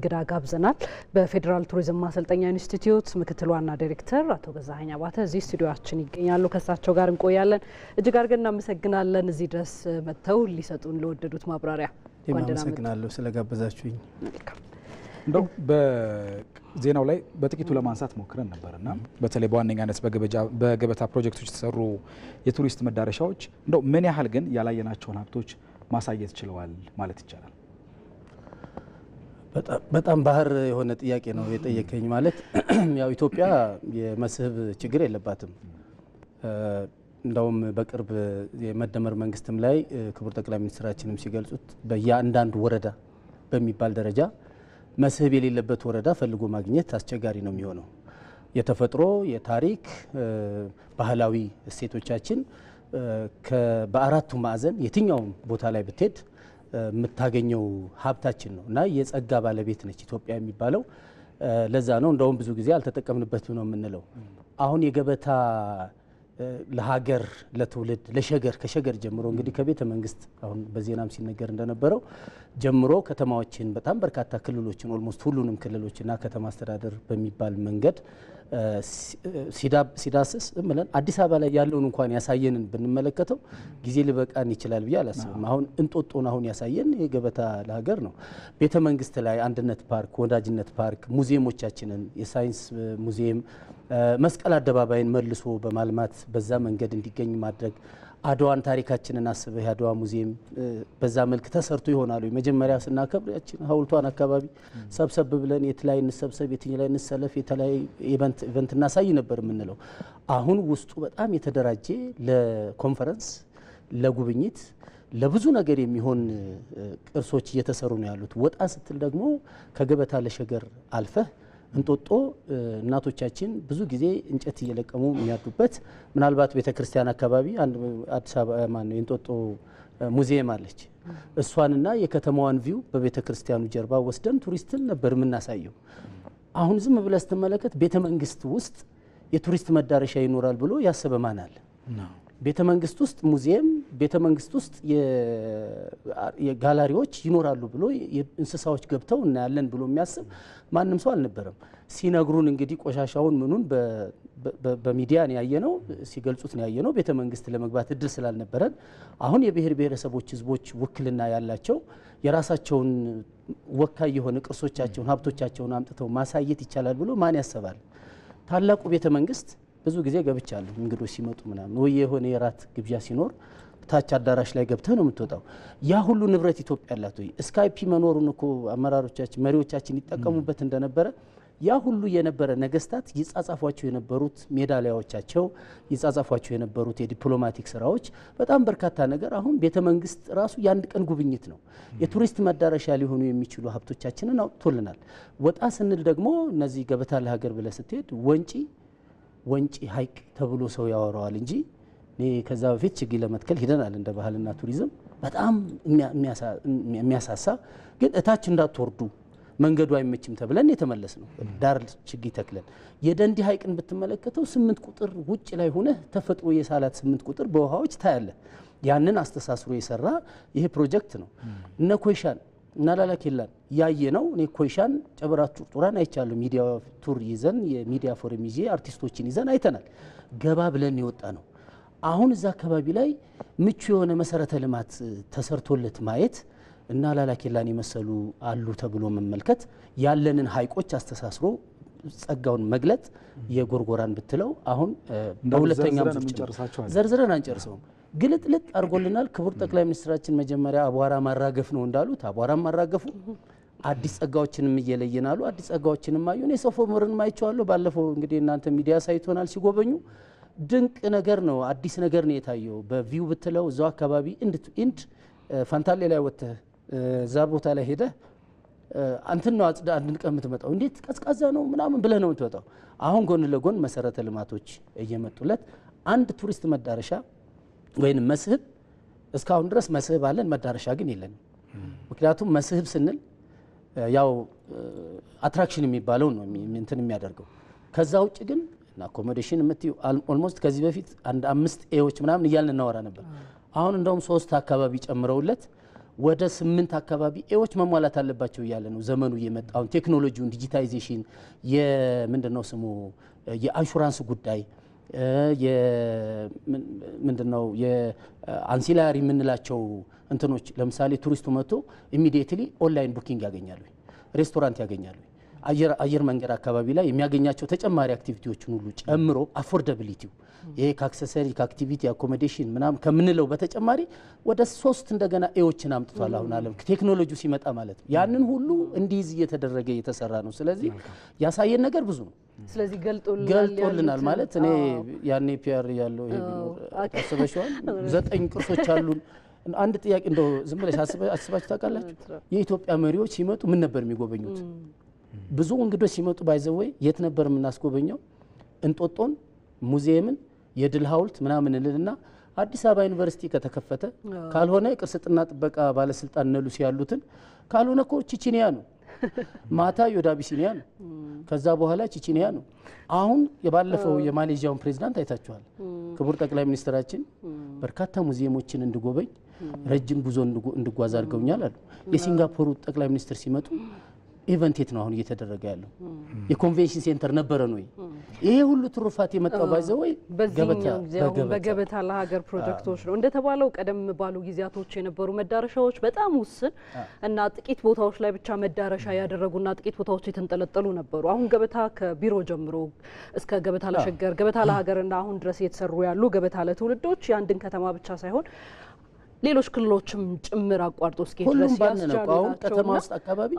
እንግዳ ጋብዘናል። በፌዴራል ቱሪዝም ማሰልጠኛ ኢንስቲትዩት ምክትል ዋና ዲሬክተር አቶ ገዛሀኝ አባተ እዚህ ስቱዲዮችን ይገኛሉ። ከእሳቸው ጋር እንቆያለን። እጅግ አድርገን እናመሰግናለን እዚህ ድረስ መጥተው ሊሰጡን ለወደዱት ማብራሪያ። አመሰግናለሁ ስለጋበዛችሁኝ። እንደው በዜናው ላይ በጥቂቱ ለማንሳት ሞክረን ነበርና በተለይ በዋነኛነት በገበታ ፕሮጀክቶች የተሰሩ የቱሪስት መዳረሻዎች እንደው ምን ያህል ግን ያላየናቸውን ሀብቶች ማሳየት ችለዋል ማለት ይቻላል? በጣም ባህር የሆነ ጥያቄ ነው የጠየቀኝ። ማለት ያው ኢትዮጵያ የመስህብ ችግር የለባትም። እንደውም በቅርብ የመደመር መንግስትም ላይ ክቡር ጠቅላይ ሚኒስትራችንም ሲገልጹት በየአንዳንዱ ወረዳ በሚባል ደረጃ መስህብ የሌለበት ወረዳ ፈልጎ ማግኘት አስቸጋሪ ነው የሚሆነው። የተፈጥሮ የታሪክ፣ ባህላዊ እሴቶቻችን በአራቱ ማዕዘን የትኛውም ቦታ ላይ ብትሄድ የምታገኘው ሀብታችን ነው እና የጸጋ ባለቤት ነች ኢትዮጵያ የሚባለው ለዛ ነው። እንደውም ብዙ ጊዜ አልተጠቀምንበትም ነው የምንለው። አሁን የገበታ ለሀገር ለትውልድ ለሸገር ከሸገር ጀምሮ እንግዲህ ከቤተ መንግስት አሁን በዜናም ሲነገር እንደነበረው ጀምሮ ከተማዎችን በጣም በርካታ ክልሎችን ኦልሞስት ሁሉንም ክልሎችና ከተማ አስተዳደር በሚባል መንገድ ሲዳስስ ብለን አዲስ አበባ ላይ ያለውን እንኳን ያሳየንን ብንመለከተው ጊዜ ሊበቃን ይችላል ብዬ አላስብም። አሁን እንጦጦን አሁን ያሳየን የገበታ ለሀገር ነው። ቤተ መንግስት ላይ አንድነት ፓርክ፣ ወዳጅነት ፓርክ፣ ሙዚየሞቻችንን የሳይንስ ሙዚየም መስቀል አደባባይን መልሶ በማልማት በዛ መንገድ እንዲገኝ ማድረግ አድዋን ታሪካችንን አስበህ የአድዋ ሙዚየም በዛ መልክ ተሰርቶ ይሆናሉ። መጀመሪያ ስናከብር ያችን ሀውልቷን አካባቢ ሰብሰብ ብለን የት ላይ እንሰብሰብ፣ የትኛ ላይ እንሰለፍ፣ የተለያዩ ኢቨንት እናሳይ ነበር የምንለው። አሁን ውስጡ በጣም የተደራጀ ለኮንፈረንስ፣ ለጉብኝት፣ ለብዙ ነገር የሚሆን ቅርሶች እየተሰሩ ነው ያሉት። ወጣ ስትል ደግሞ ከገበታ ለሸገር አልፈህ እንጦጦ እናቶቻችን ብዙ ጊዜ እንጨት እየለቀሙ የሚያዱበት ምናልባት ቤተ ክርስቲያን አካባቢ አዲስ አበባ ማነው የእንጦጦ ሙዚየም አለች። እሷንና የከተማዋን ቪው በቤተ ክርስቲያኑ ጀርባ ወስደን ቱሪስትን ነበር የምናሳየው። አሁን ዝም ብለህ ስትመለከት ቤተ መንግስት ውስጥ የቱሪስት መዳረሻ ይኖራል ብሎ ያሰበ ማን አለ? ቤተ መንግስት ውስጥ ሙዚየም ቤተ መንግስት ውስጥ ጋላሪዎች ይኖራሉ ብሎ እንስሳዎች ገብተው እናያለን ብሎ የሚያስብ ማንም ሰው አልነበረም። ሲነግሩን እንግዲህ ቆሻሻውን ምኑን በሚዲያ ነው ያየነው፣ ሲገልጹት ነው ያየነው። ቤተ መንግስት ለመግባት እድል ስላልነበረን አሁን የብሔር ብሔረሰቦች ህዝቦች ውክልና ያላቸው የራሳቸውን ወካይ የሆነ ቅርሶቻቸውን ሀብቶቻቸውን አምጥተው ማሳየት ይቻላል ብሎ ማን ያስባል? ታላቁ ቤተ መንግስት ብዙ ጊዜ ገብቻለሁ እንግዶች ሲመጡ ምናምን ወይ የሆነ የራት ግብዣ ሲኖር ታች አዳራሽ ላይ ገብተህ ነው የምትወጣው። ያ ሁሉ ንብረት ኢትዮጵያ አላት ወይ? ስካይፒ መኖሩን እኮ አመራሮቻችን መሪዎቻችን ይጠቀሙበት እንደነበረ ያ ሁሉ የነበረ ነገስታት ይጻጻፏቸው የነበሩት ሜዳሊያዎቻቸው ይጻጻፏቸው የነበሩት የዲፕሎማቲክ ስራዎች በጣም በርካታ ነገር አሁን ቤተ መንግስት ራሱ የአንድ ቀን ጉብኝት ነው። የቱሪስት መዳረሻ ሊሆኑ የሚችሉ ሀብቶቻችንን አውጥቶልናል። ወጣ ስንል ደግሞ እነዚህ ገበታ ለሀገር ብለህ ስትሄድ ወንጪ ወንጪ ሀይቅ ተብሎ ሰው ያወራዋል እንጂ ከዛ በፊት ችግኝ ለመትከል ሂደናል። እንደ ባህልና ቱሪዝም በጣም የሚያሳሳ ግን እታች እንዳትወርዱ መንገዱ አይመችም ተብለን የተመለስ ነው። ዳር ችግኝ ተክለን የደንዲ ሀይቅን ብትመለከተው ስምንት ቁጥር ውጭ ላይ ሆነ ተፈጥሮ የሳላት ስምንት ቁጥር በውሃዎች ታያለ። ያንን አስተሳስሮ የሰራ ይሄ ፕሮጀክት ነው። እነ ኮይሻን እና ላላኬላን ያየ ነው። እኔ ኮይሻን ጨበራ ጩርጡራን አይቻለሁ። ሚዲያ ቱር ይዘን የሚዲያ ፎረም ይዤ አርቲስቶችን ይዘን አይተናል። ገባ ብለን የወጣ ነው አሁን እዛ አካባቢ ላይ ምቹ የሆነ መሰረተ ልማት ተሰርቶለት ማየት እና ላላኬላን የመሰሉ አሉ ተብሎ መመልከት ያለንን ሀይቆች አስተሳስሮ ጸጋውን መግለጥ የጎርጎራን ብትለው አሁን በሁለተኛ ዘርዝረን አንጨርሰውም። ግልጥልጥ አድርጎልናል። ክቡር ጠቅላይ ሚኒስትራችን መጀመሪያ አቧራ ማራገፍ ነው እንዳሉት አቧራ ማራገፉ አዲስ ጸጋዎችንም እየለየናሉ። አዲስ ጸጋዎችንም አዩን። የሰው ፎመርን ማይቸዋለሁ። ባለፈው እንግዲህ እናንተ ሚዲያ ሳይቶናል ሲጎበኙ ድንቅ ነገር ነው። አዲስ ነገር ነው የታየው። በቪው ብትለው እዛው አካባቢ ኢንድ ቱ ፋንታሌ ላይ ወጥተህ እዛ ቦታ ላይ ሄደህ አንትን ነው አጽዳ አንድ ቀን የምትመጣው እንዴት ቀዝቃዛ ነው ምናምን ብለህ ነው የምትወጣው። አሁን ጎን ለጎን መሰረተ ልማቶች እየመጡለት አንድ ቱሪስት መዳረሻ ወይም መስህብ እስካሁን ድረስ መስህብ አለን፣ መዳረሻ ግን የለንም። ምክንያቱም መስህብ ስንል ያው አትራክሽን የሚባለው ነው እንትን የሚያደርገው ከዛ ውጭ ግን አኮሞዴሽን የምትዩ ኦልሞስት ከዚህ በፊት አንድ አምስት ኤዎች ምናምን እያልን እናወራ ነበር። አሁን እንደውም ሶስት አካባቢ ጨምረውለት ወደ ስምንት አካባቢ ኤዎች መሟላት አለባቸው እያለ ነው ዘመኑ እየመጣ ቴክኖሎጂውን ዲጂታይዜሽን የምንድነው ስሙ የአንሹራንስ ጉዳይ ምንድነው የአንሲላሪ የምንላቸው እንትኖች ለምሳሌ ቱሪስቱ መጥቶ ኢሚዲየትሊ ኦንላይን ቡኪንግ ያገኛሉ፣ ሬስቶራንት ያገኛሉ። አየር መንገድ አካባቢ ላይ የሚያገኛቸው ተጨማሪ አክቲቪቲዎችን ሁሉ ጨምሮ አፎርደብሊቲው ይሄ ከአክሰሰሪ ከአክቲቪቲ አኮሞዴሽን ምናምን ከምንለው በተጨማሪ ወደ ሶስት እንደገና ኤዎችን አምጥቷል። አሁን አለም ቴክኖሎጂ ሲመጣ ማለት ነው። ያንን ሁሉ እንዲይዝ እየተደረገ እየተሰራ ነው። ስለዚህ ያሳየን ነገር ብዙ ነው። ስለዚህ ገልጦልናል ማለት እኔ ያኔ ፒያር ያለው ታስበሸዋል ዘጠኝ ቅርሶች አሉን። አንድ ጥያቄ እንደው ዝም ብለሽ አስባችሁ ታውቃላችሁ? የኢትዮጵያ መሪዎች ሲመጡ ምን ነበር የሚጎበኙት? ብዙ እንግዶች ሲመጡ ባይዘወይ የት ነበር የምናስጎበኘው? እንጦጦን፣ ሙዚየምን፣ የድል ሀውልት ምናምን እልልና አዲስ አበባ ዩኒቨርሲቲ ከተከፈተ ካልሆነ ቅርስጥና ጥበቃ ባለስልጣን ነሉሲ ያሉትን ካልሆነ ኮ ቺቺኒያ ነው ማታ ዮዳቢሲኒያ ነው። ከዛ በኋላ ቺቺኒያ ነው። አሁን የባለፈው የማሌዥያውን ፕሬዚዳንት አይታችኋል። ክቡር ጠቅላይ ሚኒስትራችን በርካታ ሙዚየሞችን እንድጎበኝ ረጅም ጉዞ እንድጓዝ አድርገውኛል አሉ። የሲንጋፖሩ ጠቅላይ ሚኒስትር ሲመጡ ኢቨንት የት ነው አሁን እየተደረገ ያለው? የኮንቬንሽን ሴንተር ነበረን ነው? ይሄ ሁሉ ትሩፋት የመጣው ባይዘ ወይ በገበታ ለሀገር ፕሮጀክቶች ነው። እንደተባለው ቀደም ባሉ ጊዜያቶች የነበሩ መዳረሻዎች በጣም ውስን እና ጥቂት ቦታዎች ላይ ብቻ መዳረሻ ያደረጉና ጥቂት ቦታዎች የተንጠለጠሉ ነበሩ። አሁን ገበታ ከቢሮ ጀምሮ እስከ ገበታ ለሸገር፣ ገበታ ለሀገርና አሁን ድረስ እየተሰሩ ያሉ ገበታ ለትውልዶች የአንድን ከተማ ብቻ ሳይሆን ሌሎች ክልሎችም ጭምር አቋርጦ እስኪ ሁሉም ባንነው አሁን ከተማ ውስጥ አካባቢ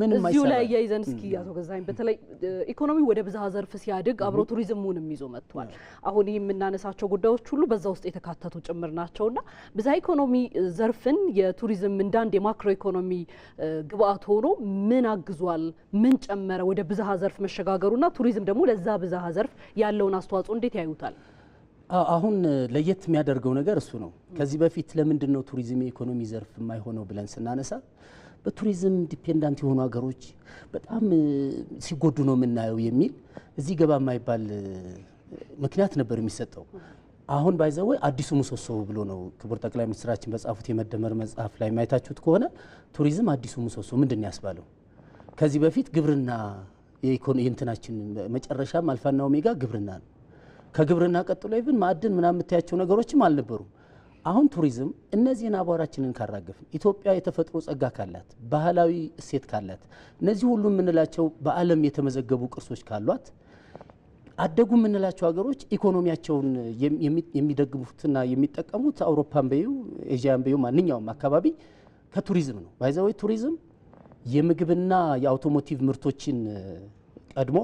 ምንም እዚሁ ላይ እያይዘን እስኪ አቶ ገዛኸኝ በተለይ ኢኮኖሚ ወደ ብዝሃ ዘርፍ ሲያድግ አብሮ ቱሪዝሙንም ይዞ መጥቷል። አሁን ይህ የምናነሳቸው ጉዳዮች ሁሉ በዛ ውስጥ የተካተቱ ጭምር ናቸውና ብዝሃ ኢኮኖሚ ዘርፍን የቱሪዝም እንዳንድ የማክሮ ኢኮኖሚ ግብአት ሆኖ ምን አግዟል? ምን ጨመረ? ወደ ብዝሃ ዘርፍ መሸጋገሩና ቱሪዝም ደግሞ ለዛ ብዝሃ ዘርፍ ያለውን አስተዋጽኦ እንዴት ያዩታል? አሁን ለየት የሚያደርገው ነገር እሱ ነው። ከዚህ በፊት ለምንድን ነው ቱሪዝም የኢኮኖሚ ዘርፍ የማይሆነው ብለን ስናነሳ በቱሪዝም ዲፔንዳንት የሆኑ ሀገሮች በጣም ሲጎዱ ነው የምናየው የሚል እዚህ ገባ የማይባል ምክንያት ነበር የሚሰጠው። አሁን ባይዘወ አዲሱ ምሰሶ ብሎ ነው ክቡር ጠቅላይ ሚኒስትራችን በጻፉት የመደመር መጽሐፍ ላይ ማየታችሁት ከሆነ ቱሪዝም አዲሱ ምሰሶ ምንድን ነው ያስባለው? ከዚህ በፊት ግብርና የኢኮኖሚ እንትናችን መጨረሻም አልፋና ኦሜጋ ግብርና ነው። ከግብርና ቀጥሎ ይብን ማዕድን ምናምን የምታያቸው ነገሮችም አልነበሩም። አሁን ቱሪዝም እነዚህን አቧራችንን ካራገፍን ኢትዮጵያ የተፈጥሮ ጸጋ ካላት ባህላዊ እሴት ካላት እነዚህ ሁሉ የምንላቸው በዓለም የተመዘገቡ ቅርሶች ካሏት አደጉ የምንላቸው ሀገሮች ኢኮኖሚያቸውን የሚደግፉትና የሚጠቀሙት አውሮፓን በዩ ኤዥያን በዩ ማንኛውም አካባቢ ከቱሪዝም ነው። ባይዘወይ ቱሪዝም የምግብና የአውቶሞቲቭ ምርቶችን ቀድሞ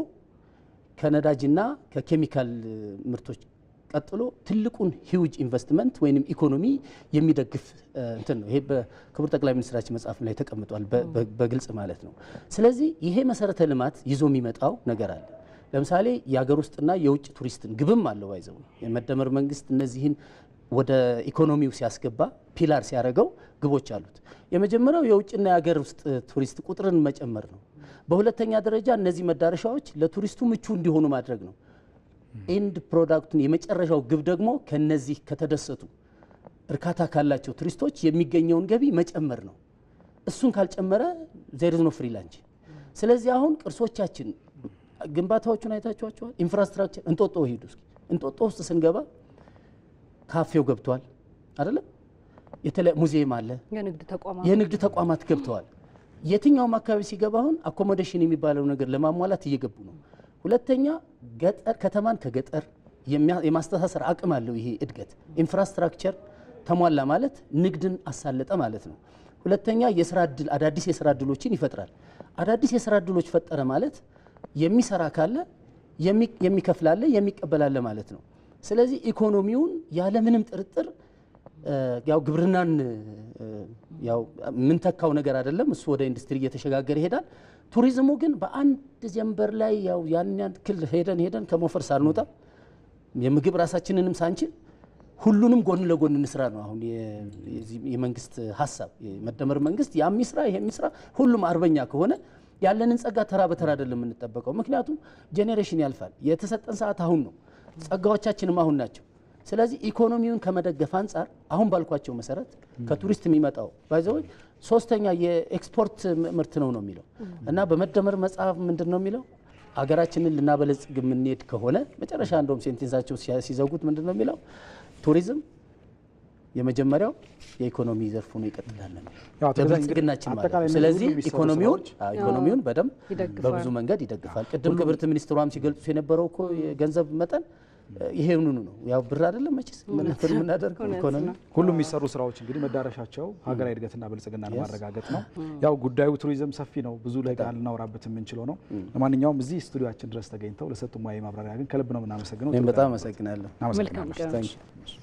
ከነዳጅና ከኬሚካል ምርቶች ቀጥሎ ትልቁን ሂውጅ ኢንቨስትመንት ወይም ኢኮኖሚ የሚደግፍ እንትን ነው። ይሄ በክቡር ጠቅላይ ሚኒስትራችን መጽሐፍ ላይ ተቀምጧል በግልጽ ማለት ነው። ስለዚህ ይሄ መሰረተ ልማት ይዞ የሚመጣው ነገር አለ። ለምሳሌ የሀገር ውስጥና የውጭ ቱሪስትን ግብም አለው ባይዘው የመደመር መንግስት እነዚህን ወደ ኢኮኖሚው ሲያስገባ ፒላር ሲያደርገው ግቦች አሉት። የመጀመሪያው የውጭና የሀገር ውስጥ ቱሪስት ቁጥርን መጨመር ነው። በሁለተኛ ደረጃ እነዚህ መዳረሻዎች ለቱሪስቱ ምቹ እንዲሆኑ ማድረግ ነው። ኤንድ ፕሮዳክቱን የመጨረሻው ግብ ደግሞ ከነዚህ ከተደሰቱ እርካታ ካላቸው ቱሪስቶች የሚገኘውን ገቢ መጨመር ነው። እሱን ካልጨመረ ዜርዝ ነው ፍሪላንች። ስለዚህ አሁን ቅርሶቻችን ግንባታዎቹን አይታችኋቸዋል። ኢንፍራስትራክቸር እንጦጦ ሄዱ። እስኪ እንጦጦ ውስጥ ስንገባ ካፌው ገብቷል አይደለም? ሙዚየም አለ፣ የንግድ ተቋማት ገብተዋል። የትኛውም አካባቢ ሲገባ አሁን አኮሞዴሽን የሚባለው ነገር ለማሟላት እየገቡ ነው። ሁለተኛ ገጠር ከተማን ከገጠር የማስተሳሰር አቅም አለው። ይሄ እድገት ኢንፍራስትራክቸር ተሟላ ማለት ንግድን አሳለጠ ማለት ነው። ሁለተኛ የስራ እድል አዳዲስ የስራ እድሎችን ይፈጥራል። አዳዲስ የስራ እድሎች ፈጠረ ማለት የሚሰራ ካለ የሚከፍላለ የሚቀበላለ ማለት ነው። ስለዚህ ኢኮኖሚውን ያለምንም ጥርጥር ያው ግብርናን ያው የምንተካው ነገር አይደለም። እሱ ወደ ኢንዱስትሪ እየተሸጋገረ ይሄዳል። ቱሪዝሙ ግን በአንድ ጀንበር ላይ ያው ያን ያክል ሄደን ሄደን ከሞፈር ሳንወጣ የምግብ ራሳችንንም ሳንችል ሁሉንም ጎን ለጎን እንስራ ነው አሁን የመንግስት ሀሳብ። መደመር መንግስት ያም ይስራ ይሄም ይስራ፣ ሁሉም አርበኛ ከሆነ ያለንን ጸጋ ተራ በተራ አይደለም የምንጠበቀው። ምክንያቱም ጄኔሬሽን ያልፋል። የተሰጠን ሰዓት አሁን ነው። ጸጋዎቻችንም አሁን ናቸው። ስለዚህ ኢኮኖሚውን ከመደገፍ አንጻር አሁን ባልኳቸው መሰረት ከቱሪስት የሚመጣው ባይዘዎች ሶስተኛ የኤክስፖርት ምርት ነው ነው የሚለው እና በመደመር መጽሐፍ ምንድን ነው የሚለው አገራችንን ልናበለጽግ የምንሄድ ከሆነ መጨረሻ እንደውም ሴንቴንሳቸው ሲዘጉት ምንድን ነው የሚለው ቱሪዝም የመጀመሪያው የኢኮኖሚ ዘርፍ ሆኖ ይቀጥላል ለብልጽግናችን ማለት ስለዚህ ኢኮኖሚውን ኢኮኖሚውን በደንብ በብዙ መንገድ ይደግፋል። ቅድም ክብርት ሚኒስትሯም ሲገልጹ የነበረው እኮ የገንዘብ መጠን ይሄንኑ ነው ያው ብር አይደለም መቼስ ምንፍር የምናደርገው ኢኮኖሚ። ሁሉም የሚሰሩ ስራዎች እንግዲህ መዳረሻቸው ሀገራዊ እድገትና ብልጽግናን ለማረጋገጥ ነው። ያው ጉዳዩ ቱሪዝም ሰፊ ነው፣ ብዙ ላይ ቃል ልናወራበት የምንችለው ነው። ለማንኛውም እዚህ ስቱዲዮችን ድረስ ተገኝተው ለሰጡ ሙያዊ ማብራሪያ ግን ከልብ ነው የምናመሰግነው። በጣም አመሰግናለሁ።